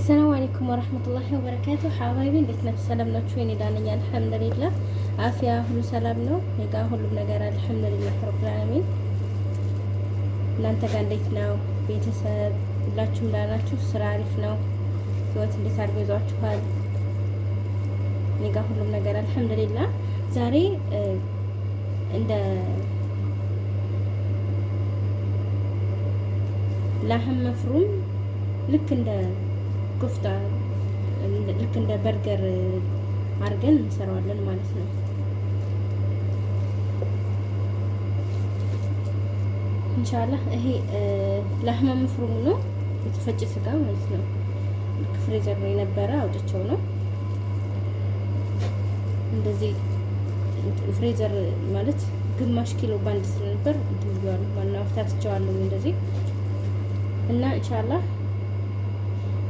አሰላሙ አለይኩም ወረህመቱላሂ ወበረካቱ። ሀባቢ እንዴት ናችሁ? ሰላም ናችሁ? እኔ ደህና ነኝ አልሐምዱሊላህ። አፍያ ሁሉ ሰላም ነው እኔ ሁሉም ነገር አልሐምዱሊላህ ረብል ዓለሚን። እናንተ ጋር እንዴት ነው ቤተሰብ? ሁላችሁም ደህና ናችሁ? ስራ አሪፍ ነው? ህይወት እንዴት አድርጎ ይዟችኋል? እኔ ጋር ሁሉም ነገር አልሐምዱሊላህ። ዛሬ እንደ ላህም መፍሩም ልክ እንደ ኩፍታ ልክ እንደ በርገር አድርገን እንሰራዋለን ማለት ነው። እንሻላ ይሄ ለህመ መፍሩም ነው የተፈጨ ስጋ ማለት ነው። ፍሬዘር ነው የነበረ አውጥቼው ነው እንደዚህ ፍሬዘር ማለት ግማሽ ኪሎ ባንድ ስለነበር ድልዋል ማለት ነው። እንደዚህ እና ኢንሻአላህ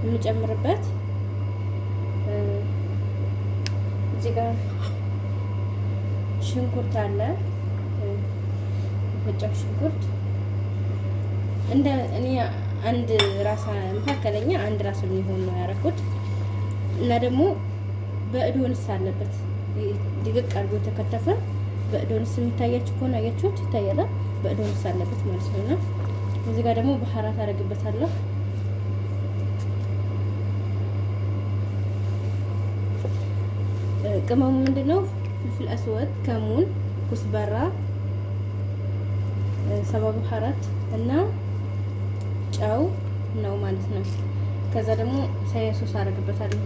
የምጨምርበት እዚህ ጋር ሽንኩርት አለ የፈጨው ሽንኩርት እንደ እኔ አንድ መካከለኛ አንድ ራስ የሚሆን ነው ያደረኩት እና ደግሞ በእዶንስ አለበት ድቅቅ አድርጎ የተከተፈ በእዶንስ የሚታያችሁ ከሆነ አያችሁት በእዶንስ አለበት ማለት ነው እና እዚህ ጋር ደግሞ ባህራት ቅመሙ ምንድን ነው? ፍልፍል አስወት፣ ከሙን፣ ኩስበራ፣ ሰባ ብሐራት እና ጨው ነው ማለት ነው። ከዛ ደግሞ ሳይሶስ አደርግበታለሁ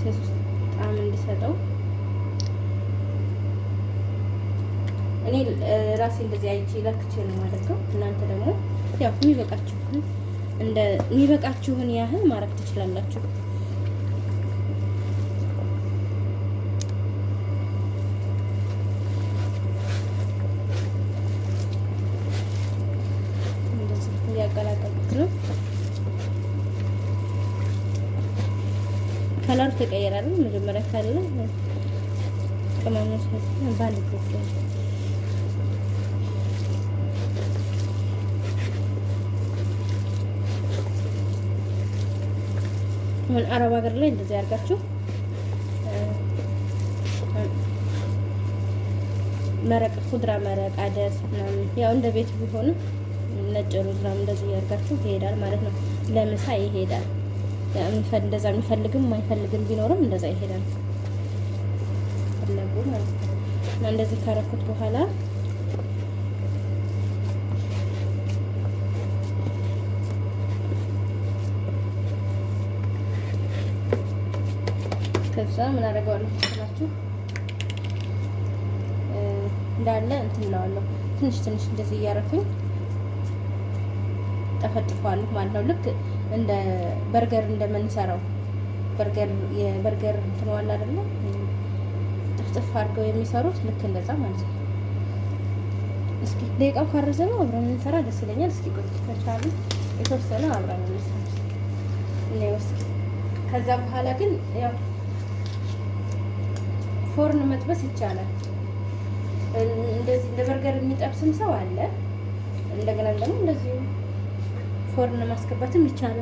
ሳይሶስ ጣዕም እንዲሰጠው እኔ ራሴ እንደዚህ አይቼ ላክቼ ነው ማለት እናንተ ደግሞ ያው የሚበቃችሁን እንደ የሚበቃችሁን ያህል ማድረግ ትችላላችሁ። ከለር ተቀየራል። መጀመሪያ ካለ ቅመሞች ባንድ አሁን አረብ ሀገር ላይ እንደዚህ አድርጋችሁ መረቅ ኩድራ መረቅ አደስ ምናምን ያው እንደ ቤት ቢሆንም ነጭ ሩዝ ምናምን እንደዚህ ያርጋችሁ ይሄዳል ማለት ነው። ለምሳ ይሄዳል። እንደዛ የሚፈልግም የማይፈልግም ቢኖርም እንደዛ ይሄዳል ፈለጉ ማለት ነው። እና እንደዚህ ካረኩት በኋላ ከዛ ምን አደርገዋለሁ ስላችሁ እንዳለ እንትን እለዋለሁ ትንሽ ትንሽ እንደዚህ እያረኩኝ ጠፈጥፈዋለሁ ማለት ነው። ልክ እንደ በርገር እንደምንሰራው በርገር የበርገር እንትን ዋላ አይደለ ጥፍጥፍ አድርገው የሚሰሩት ልክ እንደዛ ማለት ነው። እስኪ ደቂቃው ካረዘመው አብረን እንሰራ ደስ ይለኛል። እስኪ ቆይ ከቻሉ የተወሰነ አብረን እንሰራ ነው እስኪ። ከዛ በኋላ ግን ያው ፎርን መጥበስ ይቻላል። እንደዚህ እንደ በርገር የሚጠብስም ሰው አለ። እንደገና ደግሞ እንደዚህ ሾርን ማስገባትም ይቻላል።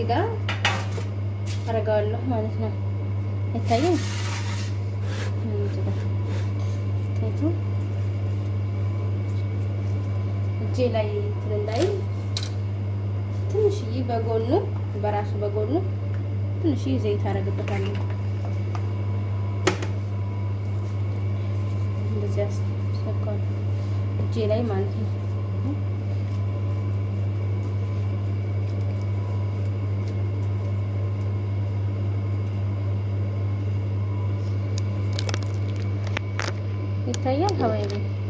እዚህ ጋር አረጋዋለሁ ማለት ነው። ቱ እጄ ላይ ትንንዳይ ትንሽዬ በጎኑ በራሱ በጎኑ ትንሽዬ ዘይት አደርግበታለሁ። እንደዚህ እጄ ላይ ማለት ነው። મિક્સ થઈ ગયા હવે એવી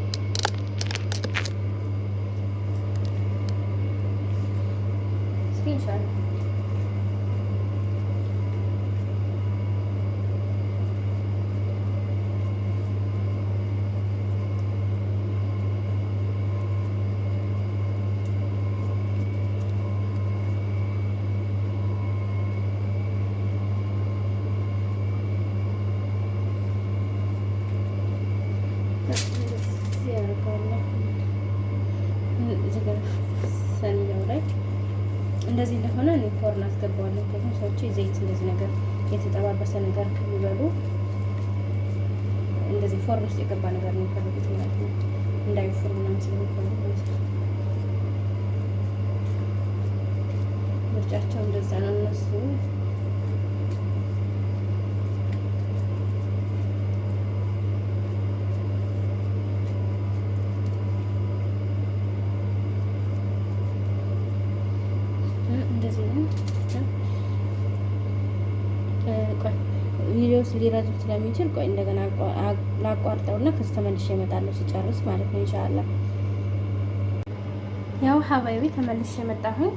እዚህ ጋር ሰንያው ላይ እንደዚህ እንደሆነ እኔ ኮርን አስገባዋለሁ። ምክንያቱም ሰዎች ዘይት እንደዚህ ነገር የተጠባበሰ ነገር ከሚበሉ እንደዚህ ፎርን ውስጥ የገባ ነገር ነው የሚፈልጉት ማለት ነው። እንዳይወፍሩ ምናምን ስለሚፈልጉ ማለት ነው። ምርጫቸው እንደዛ ነው እነሱ ውስጥ ሊረዝም ስለሚችል ቆይ እንደገና ላቋርጠውና ከዚህ ተመልሼ እመጣለሁ ሲጨርስ ማለት ነው። ኢንሻአላህ ያው ሀባይቢ ተመልሼ የመጣሁኝ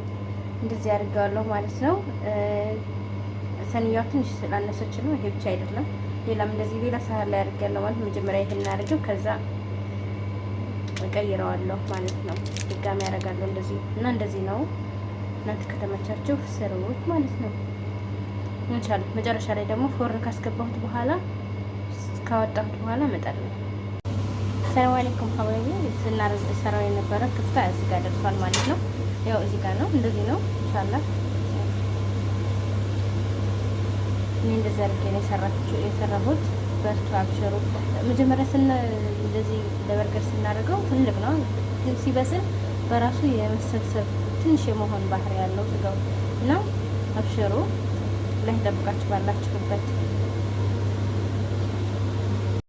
እንደዚህ አድርገዋለሁ ማለት ነው። ሰንያው ትንሽ ስላነሰች ነው። ይሄ ብቻ አይደለም፣ ሌላም እንደዚህ ሌላ ሳህን ላይ አድርጋለሁ ማለት መጀመሪያ ይሄን እናደርገው ከዛ እቀይረዋለሁ ማለት ነው። ድጋሚ ያደርጋለሁ እንደዚህ እና እንደዚህ ነው። እናንተ ከተመቻችሁ ስሩት ማለት ነው። ምንቻል መጨረሻ ላይ ደግሞ ፎርን ካስገባሁት በኋላ ካወጣሁት በኋላ እመጣለሁ። ሰላም አለይኩም ሀባቢ ስናረዝ ሰራው የነበረ ክፍታ እዚህ ጋር ደርሷል ማለት ነው። ያው እዚህ ጋር ነው፣ እንደዚህ ነው ኢንሻአላህ። እኔ እንደዛ አድርጌ ነው የሰራችሁ የሰራሁት። በርቱ አብሽሩ። መጀመሪያ ስን እንደዚህ ለበርገር ስናደርገው ትልቅ ነው፣ ግን ሲበስል በራሱ የመሰብሰብ ትንሽ የመሆን ባህሪ ያለው ስጋው እና አብሽሩ አላህ ይጠብቃችሁ ባላችሁበት